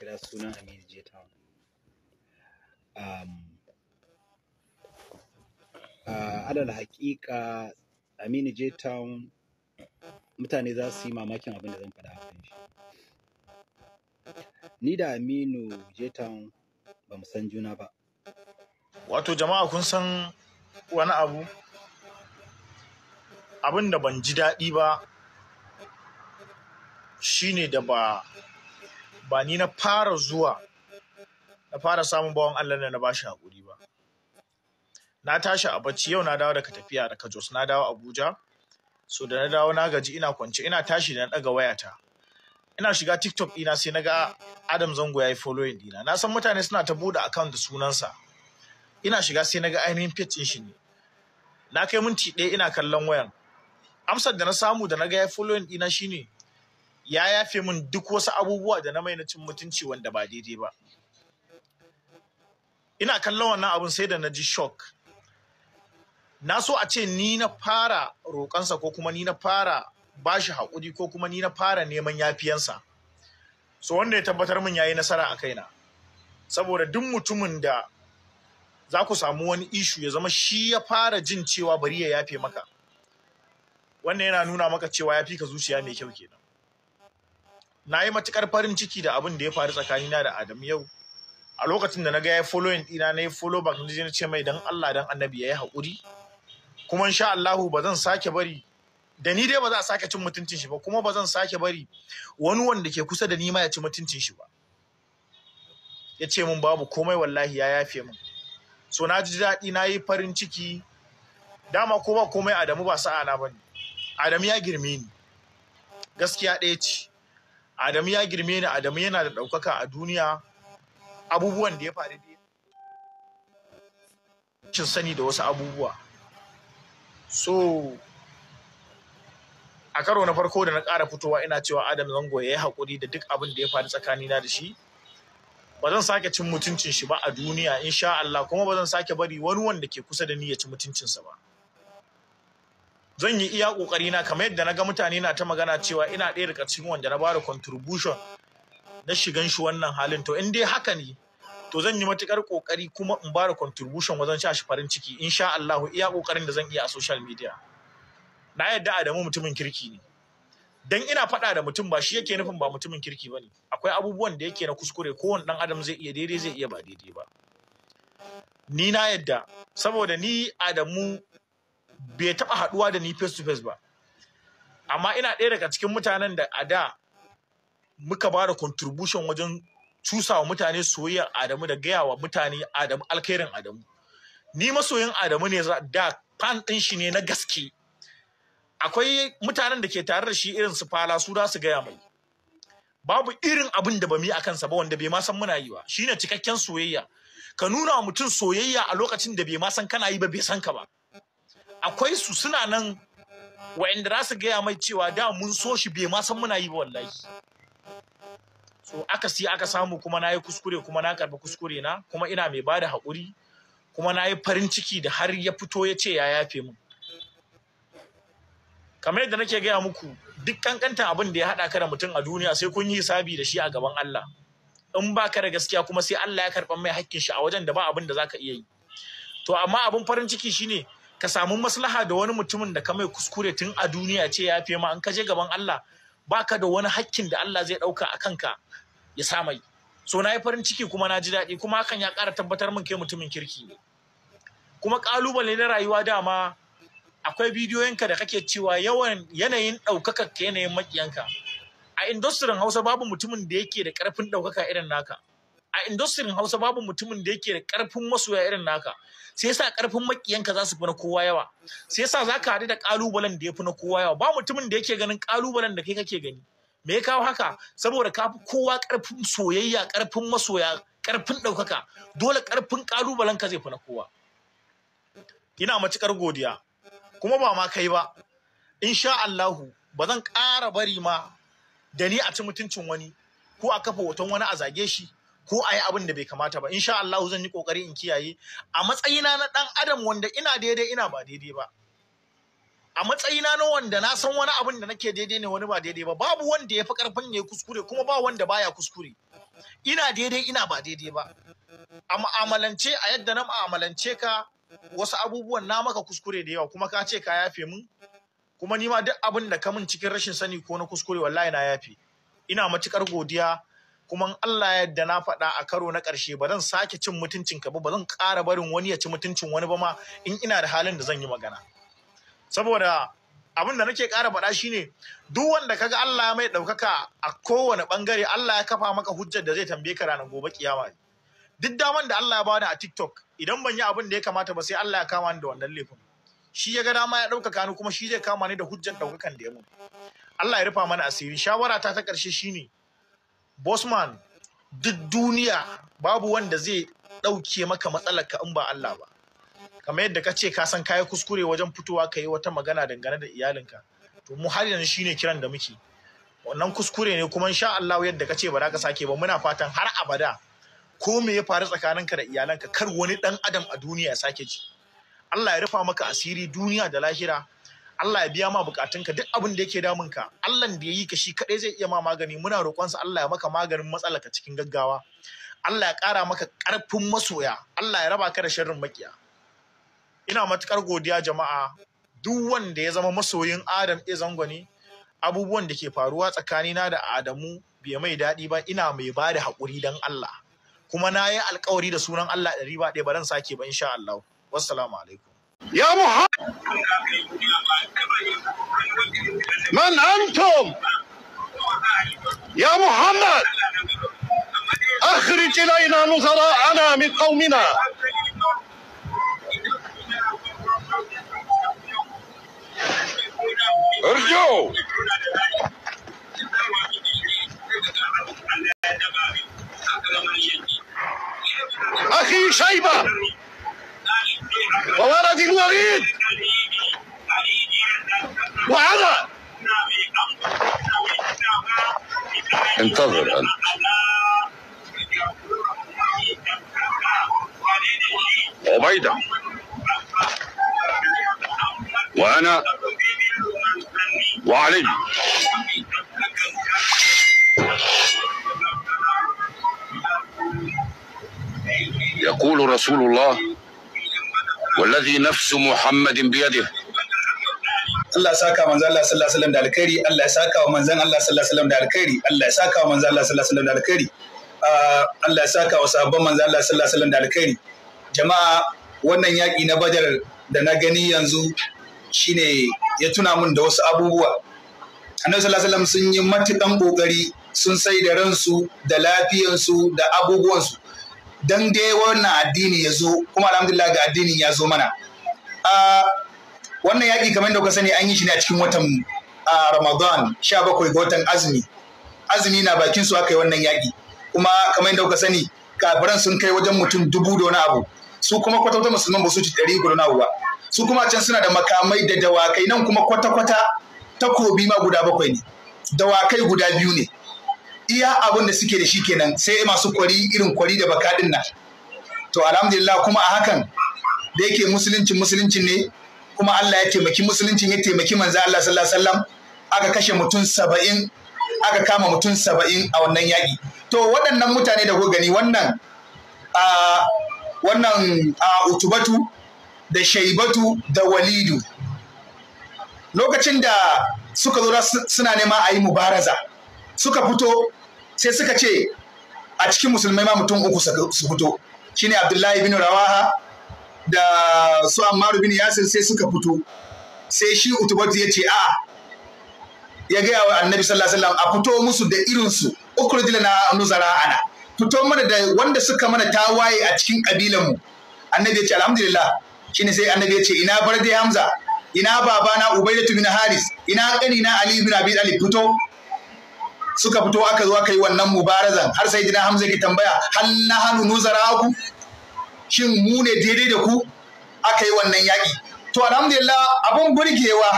kira sunan Aminu J Town um, uh, adal hakika Aminu J mutane za su yi mamakin abin da zan faɗa a ni da Aminu J Town ba mu san juna ba wato jama'a kun san wani abu abin da ban ji daɗi ba shine da ba ba ni na fara zuwa na fara samun bawan Allah da na bashi haƙuri ba na tashi a bacci yau na dawo daga tafiya daga Jos na dawo Abuja so da na dawo na gaji ina kwance ina tashi da na daga wayata ina shiga TikTok ina sai na ga Adam Zango yayi following dina na san mutane suna ta bude account da sunansa ina shiga sai na ga ainihin page din shi ne na kai minti ɗaya ina kallon wayan amsar da na samu da na ga ya following dina shine ya yafe min duk wasu abubuwa da na mai na cin mutunci wanda ba daidai ba ina kallon wannan abun sai da na ji shock na so a ce ni na fara roƙansa ko kuma ni na fara bashi haƙuri ko kuma ni na fara neman yafiyansa so wanda ya tabbatar min ya yi nasara a kaina saboda duk mutumin da za ku samu wani ishu ya zama shi ya fara jin cewa bari ya yafe maka wannan yana nuna maka cewa ya fi ka zuciya mai kyau kenan na yi matukar farin ciki da abin da ya faru tsakanina da Adam yau a lokacin da na ga ya following ɗina na yi follow back na ce mai dan Allah dan annabi ya yi haƙuri kuma insha Allahu ba zan sake bari da ni dai ba za a sake cin mutuncin shi ba kuma ba zan sake bari wani wanda ke kusa da ni ma ya ci mutuncin shi ba ya ce min babu komai wallahi ya yafe min so na ji daɗi na yi farin ciki dama ko ba komai Adamu ba sa'a na bane Adamu ya girme ni gaskiya ɗaya ce Adamu ya girme ni Adamu yana da ɗaukaka a duniya abubuwan da ya faru da cin sani da wasu abubuwa so a karo na farko da na ƙara fitowa ina cewa Adam Zango ya yi haƙuri da duk abin da ya faru tsakanina da shi ba zan sake cin mutuncin shi ba a duniya insha Allah kuma ba zan sake bari wani wanda ke kusa da ni ya ci mutuncinsa ba zan yi iya kokari na kamar yadda na ga mutane na ta magana cewa ina ɗaya daga cikin wanda na bada contribution na shigan shi wannan halin to in dai haka ne to zan yi matukar kokari kuma in bada contribution wajen sha shi farin ciki insha Allah iya kokarin da zan iya a social media na yadda Adamu mutumin kirki ne dan ina faɗa da mutum ba shi yake nufin ba mutumin kirki bane akwai abubuwan da yake na kuskure ko kowane dan adam zai iya daidai zai iya ba daidai ba ni na yadda saboda ni Adamu bai taɓa haɗuwa da ni face to face ba amma ina ɗaya daga cikin mutanen da a da muka ba da contribution wajen cusawa mutane soyayyar Adamu da gaya wa mutane Adamu alkairin Adamu ni masoyin Adamu ne da fan ɗin shi ne na gaske akwai mutanen da ke tare da shi irin su fala su da su gaya mai babu irin abin da ba mu yi a kansa ba wanda bai ma san muna yi ba shine cikakken soyayya ka nuna wa mutum soyayya a lokacin da bai ma san kana yi ba bai san ka ba akwai su suna nan wa'anda za su gaya mai cewa da mun so shi bai ma san muna yi ba wallahi so aka si aka samu kuma na yi kuskure kuma na karba kuskure na kuma ina mai ba da haƙuri kuma na yi farin ciki da har ya fito ya ce ya yafe mu kamar yadda nake gaya muku duk kankanta abin da ya haɗa ka da mutum a duniya sai kun yi hisabi da shi a gaban Allah in ba ka da gaskiya kuma sai Allah ya karɓar mai hakkin shi a wajen da ba abin da za ka iya yi to amma abin farin ciki shine ka samu maslaha da wani mutumin da ka mai kuskure tun a duniya ce ya fi ma an ka je gaban Allah baka da wani hakkin da Allah zai dauka a kanka ya sa mai so na yi farin ciki kuma na ji daɗi kuma hakan ya ƙara tabbatar min kai mutumin kirki ne kuma ƙalubale na rayuwa dama akwai bidiyoyinka da kake cewa yawan yanayin ɗaukaka ka yanayin maƙiyanka a industirin hausa babu mutumin da yake da ƙarfin ɗaukaka irin naka a industrin Hausa babu mutumin da yake da karfin masoya irin naka sai yasa karfin makiyanka za su fi na kowa yawa sai yasa za ka haɗu da kalubalen da ya fi na kowa yawa ba mutumin da yake ganin kalubalen da kai kake gani me ya kawo haka saboda ka fi kowa karfin soyayya karfin masoya karfin ɗaukaka dole karfin kalubalen ka zai fi na kowa ina matukar godiya kuma ba ma kai ba insha Allahu ba zan ƙara bari ma da ni a ci mutuncin wani ko a kafa hoton wani a zage shi ko a yi abin da bai kamata ba insha Allah zan yi kokari in kiyaye a matsayina na dan adam wanda ina daidai ina ba daidai ba a matsayina na wanda na san wani abin da nake daidai ne wani ba daidai ba babu wanda ya fi karfin ya yi kuskure kuma ba wanda baya kuskure ina daidai ina ba daidai ba a ma'amalance a yadda na ma'amalance ka wasu abubuwan na maka kuskure da yawa kuma ka ce ka yafe mun kuma ni ma duk abin da ka min cikin rashin sani ko na kuskure wallahi na yafe ina matukar godiya kuma Allah yadda na faɗa a karo na ƙarshe ba zan sake cin mutuncin ka ba ba zan ƙara barin wani ya ci mutuncin wani ba ma in ina da halin da zan yi magana saboda abin da nake ƙara faɗa shine duk wanda kaga Allah mai ɗaukaka a kowane ɓangare Allah ya kafa maka hujjar da zai tambaye ka ranar gobe kiyama duk daman da Allah ya bani a TikTok idan ban yi abin da ya kamata ba sai Allah ya kama ni da wannan laifin shi ya ga dama ya ɗaukaka ni kuma shi zai kama ni da hujjar ɗaukakan da ya mun Allah ya rufa mana asiri shawara ta ta ƙarshe shine Bosman duk duniya babu wanda zai ɗauke maka matsalar ka in ba Allah ba. Kamar yadda ka ce ka san kayi kuskure wajen fitowa ka yi wata magana dangane da iyalinka. To mu har yanzu shine kiran da muke. Wannan kuskure ne kuma insha Allah yadda ka ce ba za ka sake ba muna fatan har abada ko me ya faru tsakaninka da iyalanka kar wani ɗan adam a duniya ya sake ji. Allah ya rufa maka asiri duniya da lahira. Allah ya biya ma bukatunka duk abin da yake damun ka Allah da ya yi ka shi kaɗai zai iya ma magani muna roƙonsa Allah ya maka maganin matsalarka cikin gaggawa Allah ya ƙara maka ƙarfin masoya Allah ya raba ka da sharrin makiya ina matukar godiya jama'a duk wanda ya zama masoyin Adam zango ne, abubuwan da ke faruwa tsakanina da Adamu bai mai daɗi ba ina mai ba da haƙuri don Allah kuma na yi alƙawari da sunan Allah ɗari ba ɗaya ba sake ba insha Allah wassalamu alaikum يا محمد من أنتم يا محمد أخرج إلينا نظراءنا من قومنا ارجو أخي شيبة وولد الوليد وعلى انتظر أنت عبيدة وأنا وعلي يقول رسول الله wallazi nafsu muhammadin biyadihi Allah ya saka manzo Allah sallallahu alaihi wasallam da alkhairi Allah ya saka wa manzon Allah sallallahu alaihi wasallam da alkhairi Allah ya saka wa manzo Allah sallallahu alaihi wasallam da alkhairi ah, Allah ya saka wa sahabban manzo Allah sallallahu alaihi wasallam jama'a wannan yaƙi na Badar da na gani yanzu shine ya tuna mun da wasu abubuwa Annabi sallallahu sun yi matukan ƙoƙari sun sai da ransu da lafiyansu da abubuwansu don dai wannan addini ya zo kuma alhamdulillah ga addinin ya zo mana wannan yaƙi kamar da kuka sani an yi shi ne a cikin watan ramadan sha bakwai ga watan azumi azumi na bakin su aka yi wannan yaƙi kuma kamar da kuka sani kafiran sun kai wajen mutum dubu da wani abu su kuma kwata-kwata musulman ba su ci ɗari guda ba su kuma can suna da makamai da dawakai nan kuma kwata-kwata takobi ma guda bakwai ne dawakai guda biyu ne iya abin da suke da shi kenan sai masu kwari irin kwari da baka din nan to alhamdulillah kuma a hakan da yake musuluncin musuluncin ne kuma Allah ya taimaki musuluncin ya taimaki manzo Allah sallallahu alaihi wasallam aka kashe mutum saba'in aka kama mutum saba'in a wannan yaƙi to waɗannan mutane da ku gani wannan a wannan a utubatu da shaibatu da walidu lokacin da suka zo suna nema a yi mubaraza suka fito sai suka ce a cikin musulmai ma mutum uku su fito shine abdullahi bin rawaha da su ammaru bin yasir sai suka fito sai shi utubatu ya ce a ya gaya wa annabi sallallahu alaihi wasallam a fito musu da irinsu dila na nuzara ana fito mana da wanda suka mana ta waye a cikin kabilan mu annabi ya ce alhamdulillah shine sai annabi ya ce ina barde hamza ina babana ubaidatu bin haris ina na ali bin abi talib fito suka fito aka zo aka yi wannan mubarazan har sai dina hamza ke tambaya hal na hannu nuzara ku shin mu ne daidai da ku aka yi wannan yaƙi to alhamdulillah abin burgewa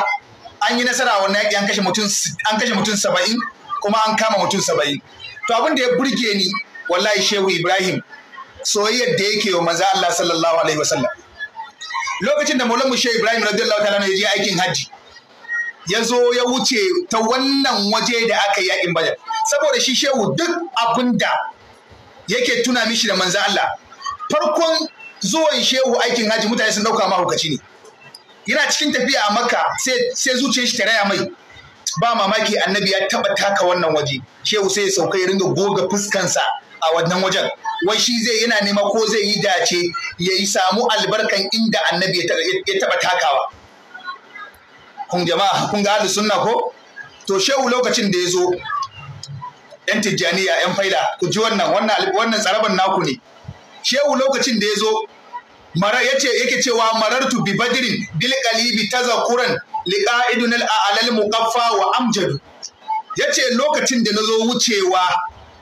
an yi nasara wannan yaƙi an kashe mutum an kashe mutum saba'in kuma an kama mutum saba'in to abin da ya burge ni wallahi shehu ibrahim soyayyar da yake wa manzo Allah sallallahu alaihi wasallam lokacin da maulamu shehu ibrahim radiyallahu ta'ala ya je aikin hajji ya zo ya wuce ta wannan waje da aka yi yaƙin badar saboda shi shehu duk abin da yake tuna mishi da manzo Allah farkon zuwan shehu aikin haji mutane sun dauka mahaukaci ne yana cikin tafiya a makka sai zuciyar shi ta raya mai ba mamaki annabi ya taba taka wannan waje shehu sai ya sauka ya ringa goga fuskansa a wannan wajen wai shi zai yana nema ko zai yi dace ya samu albarkan inda annabi ya taba takawa kun jama'a kun ga ahlus sunna ko to shehu lokacin da ya zo yan tijjaniya yan faida ku ji wannan wannan tsaraban naku ne shehu lokacin da ya zo mara yace yake cewa marartu bi badrin bil qalibi tazakuran liqa'idun al alal muqaffa wa amjadu yace lokacin da na zo wucewa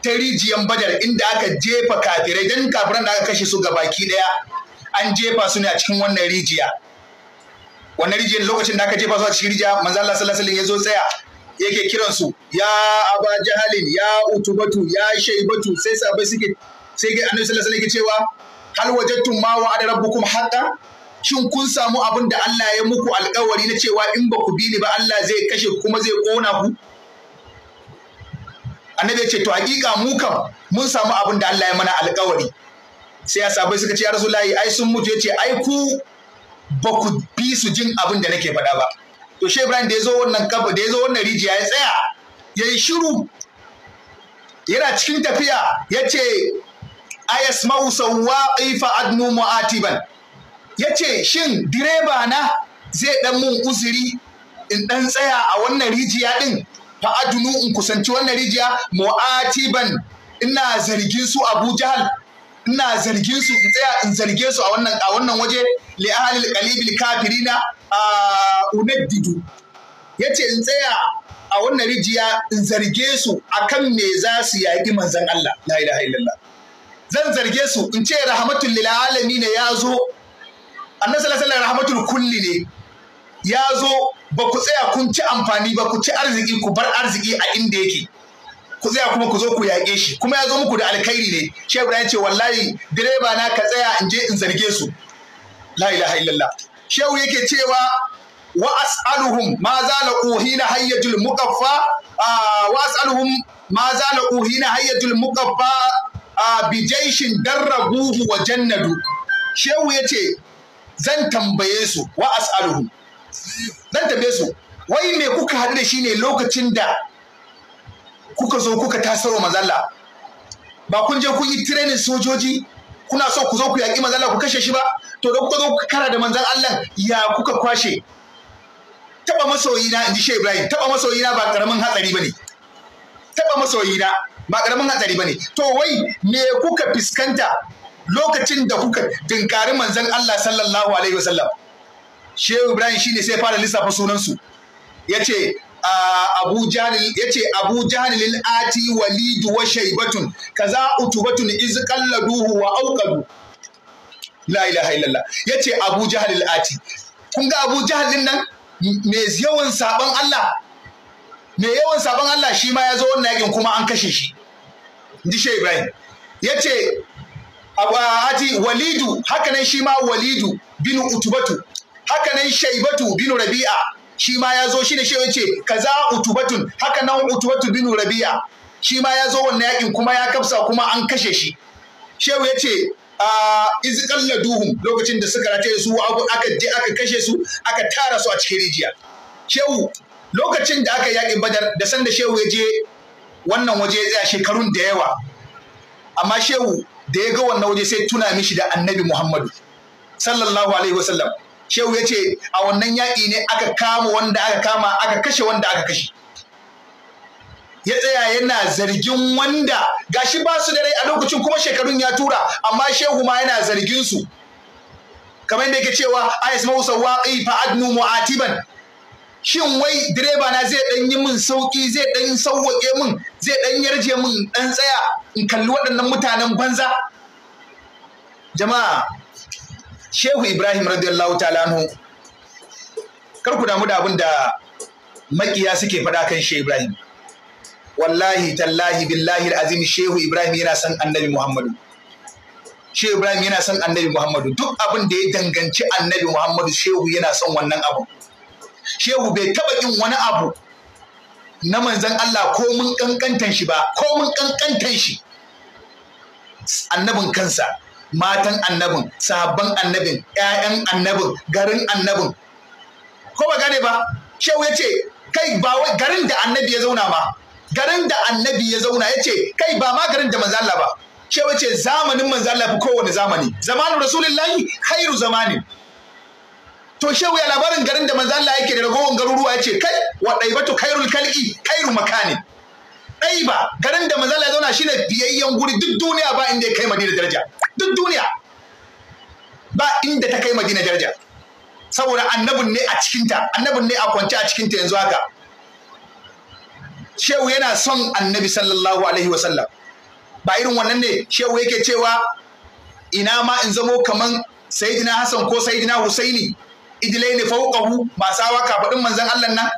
ta rijiyan badar inda aka jefa kafirai dan kafiran da aka kashe su ga baki daya an jefa su ne a cikin wannan rijiya wannan rijiyar lokacin da aka jefa su a cikin rijiya manzo Allah sallallahu alaihi wasallam ya zo tsaya yake kiran su ya aba jahalin ya utubatu ya shaibatu sai sabai suke sai ga annabi sallallahu alaihi wasallam cewa hal wajadtum ma wa'ada rabbukum haqqan shin kun samu abin da Allah ya muku alkawari na cewa in ba ku bi ni ba Allah zai kashe kuma zai kona ku annabi ya ce to hakika mu kam mun samu abin da Allah ya mana alkawari sai ya sabai suka ce ya rasulullahi ai sun mutu ce ai ku ba ku bi su jin abin da nake faɗa ba to shi Ibrahim da ya zo wannan kafa da ya zo wannan rijiya ya tsaya ya yi shiru yana cikin tafiya ya ce ayas ma'usawa ifa adnu mu'atiban ya ce shin direba na zai ɗan mun uziri in ɗan tsaya a wannan rijiya din fa adnu in kusanci wannan rijiya mu'atiban ina zargin su Abu ina zargin su in tsaya in zarge su a wannan a wannan waje li ahlil a kafirina unaddidu yace in tsaya a wannan rijiya in zarge su akan me za su yaƙi manzon Allah la ilaha illallah zan zarge su in ce rahmatul lil alamin ya zo annabi sallallahu alaihi rahmatul kulli ne ya zo ba ku tsaya kun ci amfani ba ku ci arziki ku bar arziki a inda yake ku tsaya kuma ku zo ku yaƙe shi kuma ya zo muku da alkhairi ne Shehu ibrahim ce wallahi direba na ka tsaya in je in zarge su la ilaha illallah shehu yake cewa wa as'aluhum ma zala uhina hayyatul muqaffa ah, wa as'aluhum ma zala uhina hayyatul muqaffa ah, bi jaishin darrabuhu wa jannadu shehu yace zan tambaye su wa as'aluhum zan tambaye su wai me kuka hadu da shi ne lokacin da kuka zo kuka tasarwa mazalla ba kun je kun yi tirenin sojoji kuna so ku zo ku yaƙi mazalla ku kashe shi ba to da kuka zo kuka kara da manzan Allah ya kuka kwashe taba masoyina in ji Ibrahim taba masoyina ba karamin hatsari bane taba masoyina ba karamin hatsari bane to wai me kuka fiskanta lokacin da kuka dinkari manzan Allah sallallahu alaihi wasallam Shehu Ibrahim shine sai fara lissafa sunan su yace Abu ya yace Abu Jahlil ati walidu wa shaybatun kaza utubatun iz qalladuhu wa auqadu la ilaha illallah yace Abu Jahlil ati kun ga Abu Jahlin nan me yawan saban Allah me yawan saban Allah shi ma ya zo wannan yakin kuma an kashe shi ji Shehu Ibrahim yace ati walidu haka nan shi ma walidu binu utubatu haka nan shaibatu binu rabi'a shi ma ya zo shi ne shewa ce kaza utubatun haka nan utubatu binu rabiya. shi ma ya zo wannan yakin kuma ya kafsa kuma an kashe shi shewa ya ce izikan laduhun lokacin da suka rataye su aka je aka kashe su aka tara su a cikin rijiya shehu lokacin da aka yaƙin badar da san da shehu ya je wannan waje ya tsaya shekarun da yawa amma shehu da ya ga wannan waje sai tuna mishi da annabi muhammadu sallallahu alaihi wasallam shehu ya ce a wannan yaƙi ne aka kama wanda aka kama aka kashe wanda aka kashe ya tsaya yana zargin wanda gashi ba su da rai a lokacin kuma shekarun ya tura amma shehu ma yana zargin su kamar yadda yake cewa ayas mausa waqi fa adnu mu'atiban shin wai direba na zai dan yi min sauki zai dan sauwake min zai dan yarje min ɗan tsaya in kalli waɗannan mutanen banza jama'a shehu ibrahim radiyallahu ta'ala anhu kar ku damu da abin da makiya suke faɗa kan shehu ibrahim wallahi tallahi billahi azimi shehu ibrahim yana son annabi muhammadu shehu ibrahim yana san annabi muhammadu duk abin da ya danganci annabi muhammadu shehu yana san wannan abu shehu bai taba yin wani abu na manzan allah ko mun kankantan shi ba ko mun kankantan shi annabin kansa matan annabin sabon annabin ƴaƴan annabin garin annabin ko ba gane ba shehu ya ce kai ba wai garin da annabi ya zauna ma garin da annabi ya zauna ya ce kai ba ma garin da Manzala ba shehu ya ce zamanin Manzala fi kowane zamani zamanin rasulullahi khairu zamani. to shehu ya labarin garin da Manzala yake da ragowar garuruwa ya ce kai wa daibatu khairul kal'i khairu ɗai ba garin da Manzala ya zauna shine biyayyen guri duk duniya ba inda ya kai madina daraja duk duniya ba inda ta kai madina daraja saboda annabin ne a cikinta annabin ne a kwance a cikinta yanzu haka shehu yana son annabi sallallahu alaihi wasallam ba irin wannan ne shehu yake cewa ina ma in zamo kaman sayyidina Hassan ko sayyidina Husaini idlaini fawqahu masu hawa kafaɗin manzon Allah nan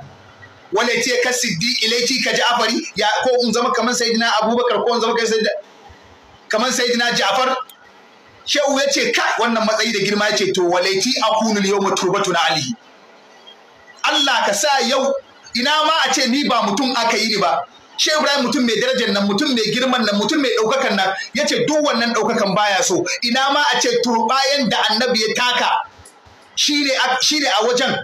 wala ce ka siddi ilaiti ka ja'fari ya ko in zama kaman sayyidina Abubakar ko in zama kamar sayyidina kaman sayyidina Ja'far shehu ya ce kai wannan matsayi da girma ya ce to walaiti akunul yau maturbatu na alihi Allah ka sa yau ina ma a ce ni ba mutum aka yi ni ba Shehu Ibrahim mutum mai darajar nan mutum mai girman nan mutum mai ɗaukakan nan ya ce duk wannan ɗaukakan baya so ina ma a ce turbayan da annabi ya taka shi ne a wajen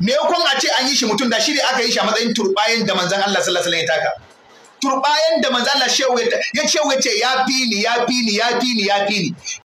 me a ce an yi shi mutum da shi ne aka yi shi a matsayin turbayan da manzon Allah sallallahu alaihi ya taka turbayan da manzo Allah ya ce ya fili ya fili ya fili ya fili